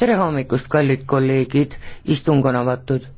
tere hommikust, kallid kolleegid, istung on avatud